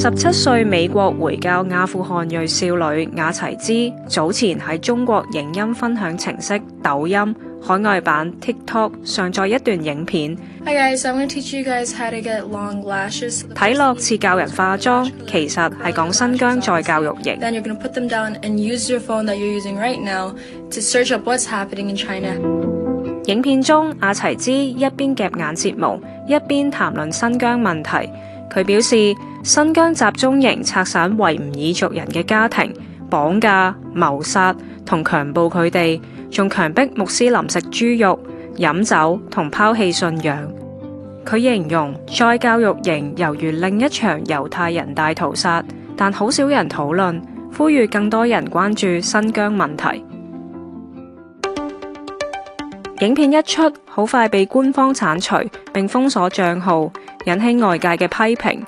十七歲美國回教阿富汗裔少女雅齊茲，早前喺中國影音分享程式抖音海外版 TikTok 上載一段影片，睇落似教人化妝，其實係講新疆再教育營。Then you're gonna put them down and use your phone that you're using right now to search up what's happening in China. 影片中，雅齊茲一邊夾眼睫毛，一邊談論新疆問題。佢表示，新疆集中營拆散維吾爾族人嘅家庭，綁架、謀殺同強暴佢哋，仲強迫穆斯林食豬肉、飲酒同拋棄信仰。佢形容再教育營猶如另一場猶太人大屠殺，但好少人討論，呼籲更多人關注新疆問題。影片一出，好快被官方鏟除並封鎖賬號，引起外界嘅批評。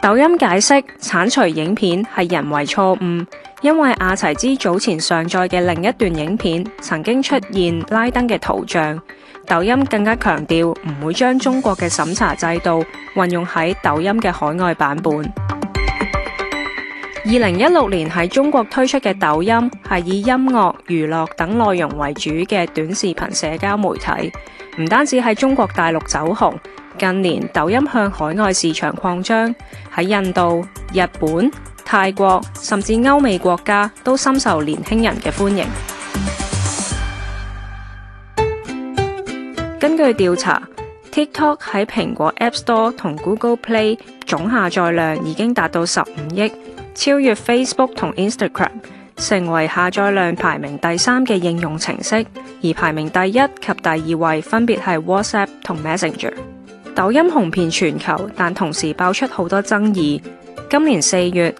抖音解釋鏟除影片係人為錯誤，因為阿齊茲早前上載嘅另一段影片曾經出現拉登嘅圖像。抖音更加強調唔會將中國嘅審查制度運用喺抖音嘅海外版本。二零一六年喺中國推出嘅抖音係以音樂、娛樂等內容為主嘅短視頻社交媒體，唔單止喺中國大陸走紅，近年抖音向海外市場擴張，喺印度、日本、泰國甚至歐美國家都深受年輕人嘅歡迎。根據調查，TikTok 喺蘋果 App Store 同 Google Play 總下載量已經達到十五億。超越 Facebook 同 Instagram，成為下載量排名第三嘅應用程式，而排名第一及第二位分別係 WhatsApp 同 Messenger。抖音紅遍全球，但同時爆出好多爭議。今年四月，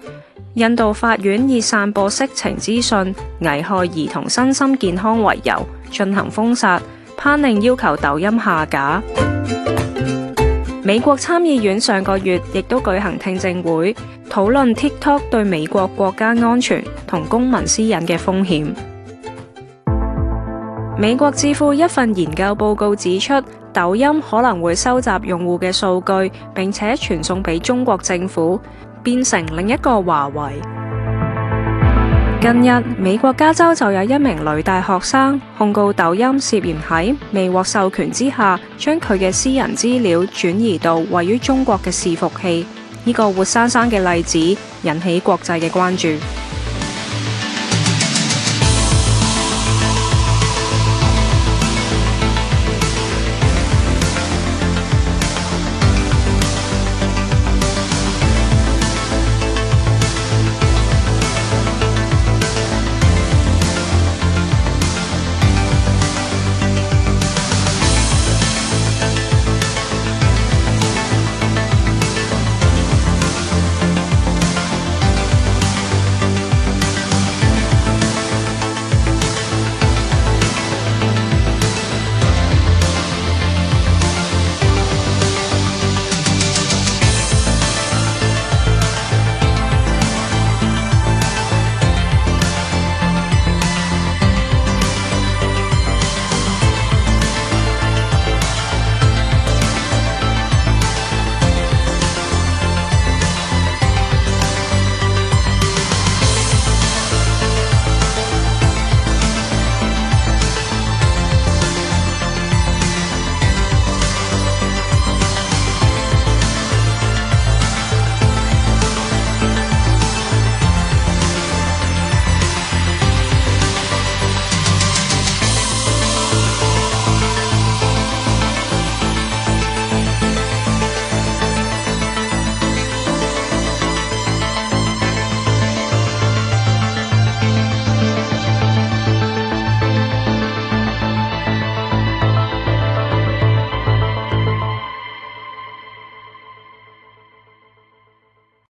印度法院以散播色情資訊、危害兒童身心健康為由進行封殺，判令要求抖音下架。美國參議院上個月亦都舉行聽證會，討論 TikTok 對美國國家安全同公民私隱嘅風險。美國智庫一份研究報告指出，抖音可能會收集用戶嘅數據，並且傳送俾中國政府，變成另一個華為。近日，美國加州就有一名女大學生控告抖音涉嫌喺未獲授權之下，將佢嘅私人資料轉移到位於中國嘅伺服器。呢個活生生嘅例子，引起國際嘅關注。